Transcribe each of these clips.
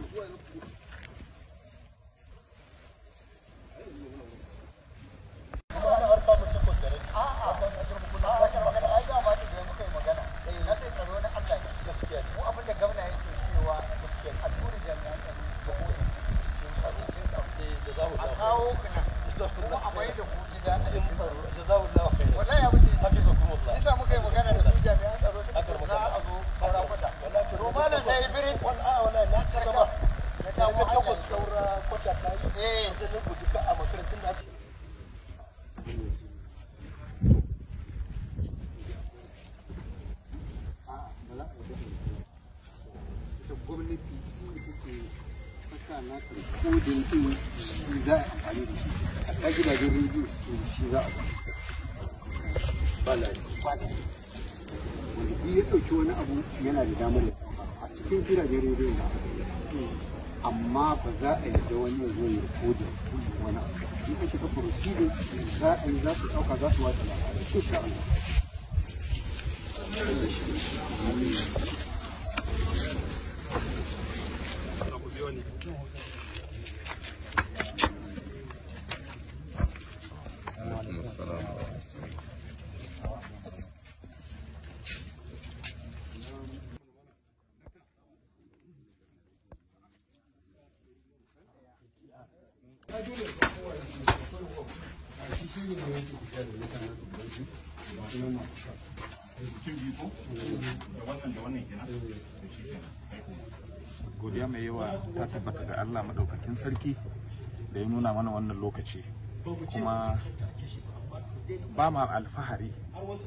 Usou ela por wannan rikodin din za amfani da shi shi za a ya ɗauki wani abu yana da damar ya a cikin gidajen rediyo amma ba za a yi da wani zo ya rikodin wani abu in ka shiga proceeding za a yi za su ɗauka za su wata labarai Allah. 啊，嗯，好。godiya mai yawa ta tabbata ga Allah madaukakin sarki da ya nuna mana wannan lokaci kuma ba ma alfahari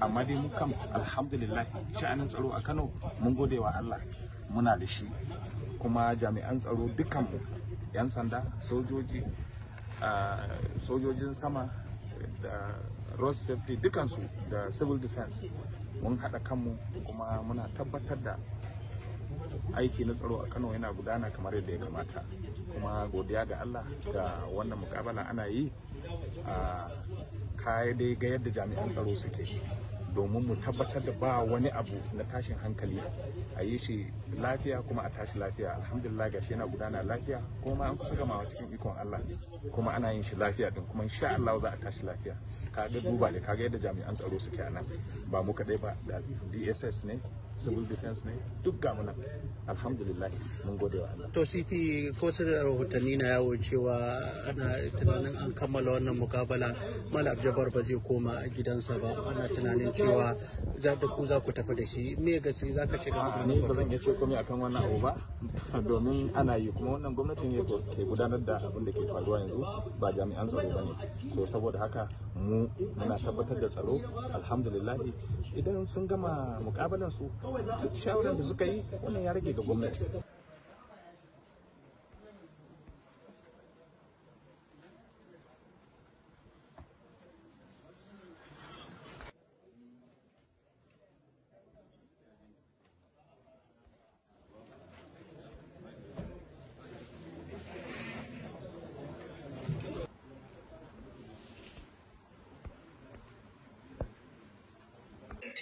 amma dai mu kam alhamdulillah sha'anin tsaro a Kano mun gode wa Allah muna da shi kuma jami'an tsaro dukkan mu yan sanda sojoji sojojin sama da road safety dukansu da civil defense mun haɗa kanmu kuma muna tabbatar da aiki na tsaro a kano yana gudana kamar yadda ya kamata kuma godiya ga allah ga wannan mukabala ana yi a kaya dai ga yadda jami'an tsaro suke domin mu tabbatar da ba wani abu na tashin hankali a yi shi lafiya kuma a tashi lafiya alhamdulillah gashi yana gudana lafiya kuma an kusa gamawa cikin ikon allah kuma ana yin shi lafiya din kuma insha allah za a tashi lafiya kaga duba ne kaga yadda jami'an tsaro suke a nan ba mu kaɗai ba da dss ne civil defense ne duk ga muna alhamdulillah mun gode wa Allah to CP ko su rahotanni na yawo cewa ana tunanin an kammala wannan mukabala Malab Jabar ba zai koma a gidansa ba ana tunanin cewa za da ku za ku tafi da shi me gaske za ka ce ga ni ba zan iya ce komai akan wannan abu ba domin ana yi kuma wannan gwamnatin ne ke gudanar da abin da ke faruwa yanzu ba jami'an tsaro ba ne so saboda haka mu muna tabbatar da tsaro alhamdulillah idan sun gama mukabalan su shawaran da suka yi wannan ya rage ga gwamnati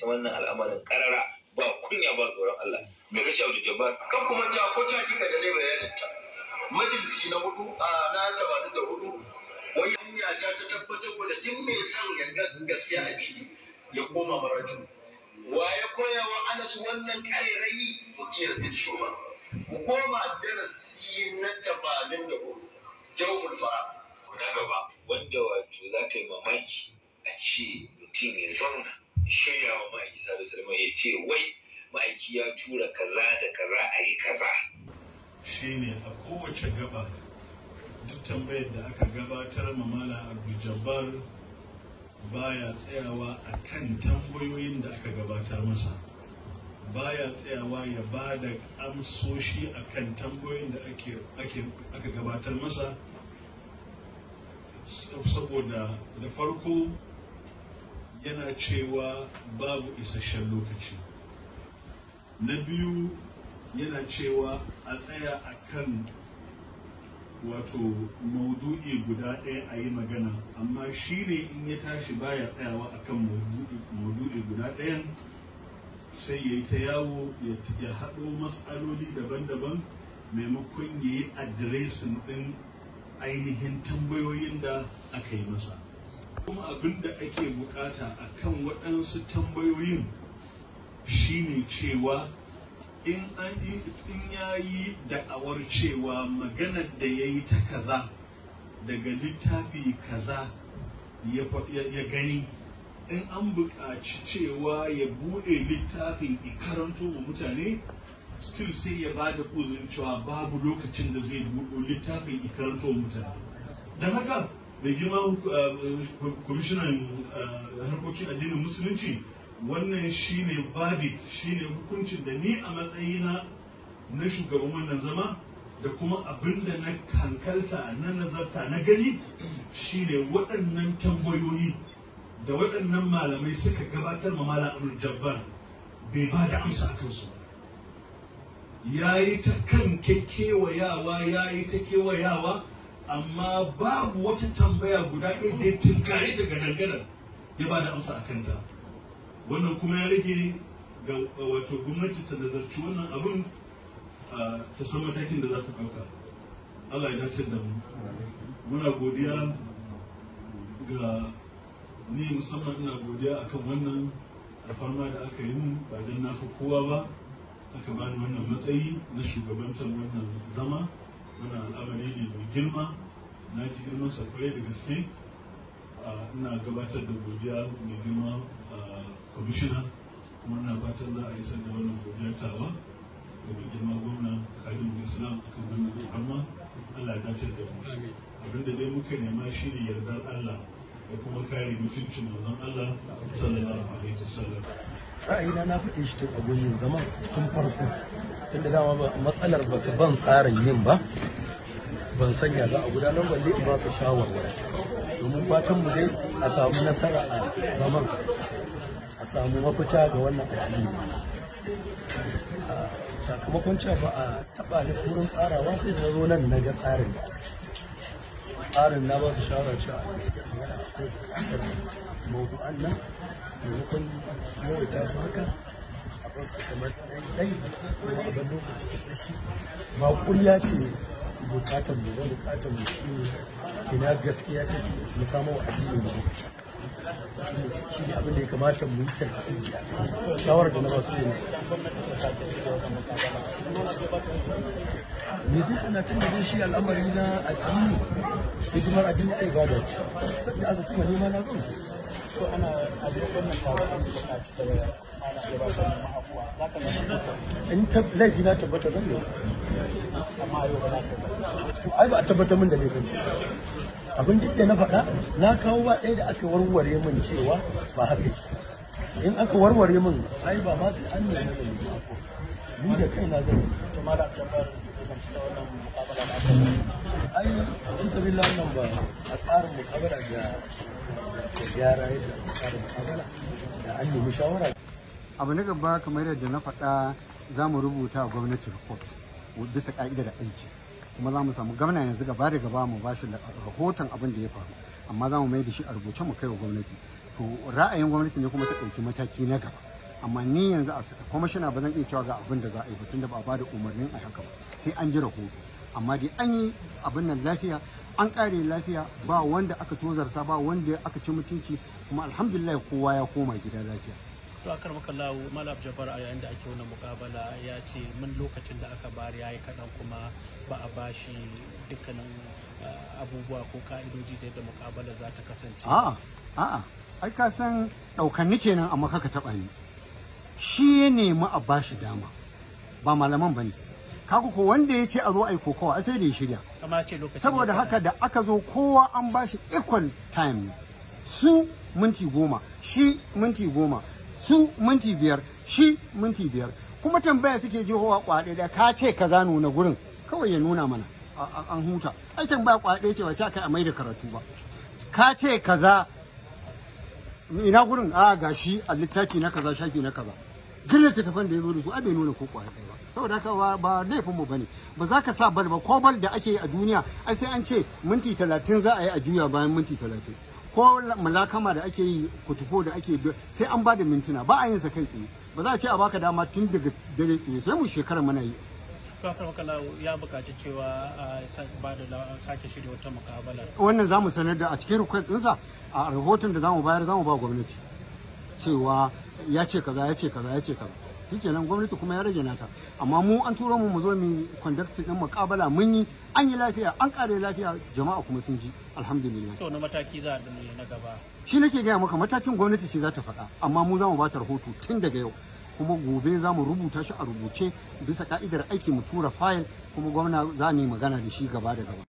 ta wannan al'amarin karara ba kunya ba tsoron Allah me kace Abdul Jabbar kan kuma ta ko ta kika da zai bayanin ta majalisi na hudu a na da hudu. wai hanya ta ta tabbatar da duk mai son gaskiya a fili ya koma maraju wa ya koya wa Anas wannan kairayi mutiyar bin shuba koma darasi na da hudu, jawful fara na gaba wanda wato za ka mamaki a ce mutum ya zauna shirya wa ma'aiki sadu salama ya ce wai ma'aiki ya tura kaza da kaza a yi kaza shine a kowace gaba duk tambayar da aka gabatar ma mala ba baya tsayawa a kan tambayoyin da aka gabatar masa baya tsayawa ya ba da amsoshi a kan tambayoyin da aka gabatar masa saboda da farko yana cewa babu isasshen lokaci na biyu yana cewa a tsaya a kan wato maudu'i guda ɗaya a yi magana amma shi ne in ya tashi baya tsayawa a kan maudu'i guda ɗayan sai ya yi ta yawo ya haɗo matsaloli daban-daban maimakon ya yi adiresin ɗin ainihin tambayoyin da aka yi masa kuma abin da ake bukata a kan waɗansu tambayoyin shine cewa in ya yi da'awar cewa maganar da ya yi ta kaza daga littafi kaza ya gani in an buƙaci cewa ya buɗe littafin karanto wa mutane still sai ya ba da cewa babu lokacin da zai buɗe littafin karanto wa mutane don haka mai girma eh, kwamishinan eh, harkokin addinin musulunci wannan shi shine verdict ne hukuncin da ni a matsayina na shugaban wannan zama da kuma abin da na kankalta na nazarta na gani ne waɗannan tambayoyi da waɗannan malamai suka gabatar ma malam jabbar bai ba da amsa a kansu ya yi ta kan kekewa yawa, ya yi ta kewayawa amma babu wata tambaya guda ɗaya da ya tunkare daga dangana ya ba da amsa a kanta wannan kuma ya rage ga wato gwamnati ta nazarci wannan abin ta san matakin da za ta ɗauka allah ya dace da mu muna godiya ga ni musamman ina godiya akan wannan alfarma da aka yi mu ba don na fi kowa ba aka bani wannan matsayi na shugabantar wannan zama wannan al'amari ne mai girma na ji sa kwarai da gaske ina gabatar da godiya mai girma kwamishina kuma ina fatan za a yi sanda wannan godiya tawa da mai girma gwamna khalil islam akan wannan kuma allah ya dace da mu da dai muka nema shi ne yardar allah da kuma kare mutuncin manzon allah sallallahu alaihi wasallam ra'ayina na faɗe shi tun a gurin zaman tun farko tun da dama matsalar ba su ban tsarin yin ba ban sanya za a gudanar balle in ba su shawarwari domin fatan mu dai a samu nasara a zaman a samu mafita ga wannan addini ah, sakamakon cewa ba a taba ni wurin tsarawa sai da zo nan na ga tsarin tsarin na ba su shawara cewa a gaskiya magana akwai nan maimakon yawaita su haka a basu kamar ɗan ɗan a abin lokaci isasshe ba ƙulya ce bukatan mu ba bukatan mu shi ne ina gaskiya ta ke mu samu addini mu hukunta shi ne abin da ya kamata mu yi tarkizi a shawar da na basu ne me zai ana tun shi al'amari na addini hidimar addini a ibada ce sadda aka kuma nema na zo to ana abin wannan tawaran da ta ci in ta laifi na tabbata zan yi ba to ai ba a tabbata min da laifin abin duk da na faɗa na kawo ba ɗaya da aka warware min cewa ba haka yake in aka warware min ai ba ma sai an nemi da laifin ko ni da kaina zan yi to ma da ai in sabi wannan ba a tsarin mukabala da gyara yadda aka tsara mukabala da an nemi shawara abu na gaba kamar yadda na faɗa za mu rubuta gwamnati report bisa ka'ida da aiki kuma za mu samu gwamna yanzu gaba da gaba mu bashi rahoton abin da ya faru amma za mu mai da shi a rubuce mu kai wa gwamnati to ra'ayin gwamnati ne kuma ta ɗauki mataki na gaba amma ni yanzu a saka kwamishina ba zan iya cewa ga abin da za a yi ba tunda ba a bada umarnin a haka ba sai an ji rahoto amma dai an yi abin nan lafiya an kare lafiya ba wanda aka tozarta ba wanda aka ci mutunci kuma alhamdulillah kowa ya koma gida lafiya to akar muka lawo malam jabar a yayin da ake wannan mukabala ya ce mun lokacin da aka bari ya yi kaɗan kuma ba a bashi dukkanin eh, abubuwa ko ka'idoji da yadda mukabala za ta kasance a'a a'a ai ka san ɗaukanni kenan amma kaka taɓa ni shi ya nemi a bashi dama ba malaman ba ne kaku ko wanda ya ce a zo a yi kokawa sai da ya shirya saboda haka da aka zo kowa an ba shi equal time su minti goma shi minti goma su minti biyar shi minti biyar kuma tambaya suke jihowa kwaɗe da ka ce zano nuna gurin kawai ya nuna mana an huta ai tambaya kwaɗe ce wace kai a mai da karatu ba ka ce kaza ina gurin a ga shi. a littafi na kaza shafi na kaza duk littattafan da ya zo da su a bai nuna ko kwaya ɗaya ba saboda haka ba laifin mu bane ba za ka sa bal ba ko bal da ake a duniya ai sai an ce minti talatin za a yi a juya bayan minti talatin ko malakama da ake yi kutufo da ake sai an ba da mintuna ba a yin sa kai tsaye ba za a ce a baka dama tun daga dare tsaye sai mu shekara mana yi ya buƙaci cewa ba da sake shirya wata mukabala wannan za mu sanar da a cikin request ɗinsa a rahoton da za mu bayar za mu ba gwamnati cewa ya ce kaza ya ce kaza ya ce kaza shikenan gwamnati kuma ya rage nata amma mu an turo mu mu zo mu conduct din mukabala mun yi an yi lafiya an kare lafiya jama'a kuma sun ji alhamdulillah to na mataki za a na gaba shi nake gaya maka matakin gwamnati ce za ta faɗa amma mu za mu ba ta rahoto tun daga yau kuma gobe za mu rubuta shi a rubuce bisa ka'idar aiki mu tura fayil kuma gwamna za mu yi magana da shi gaba da gaba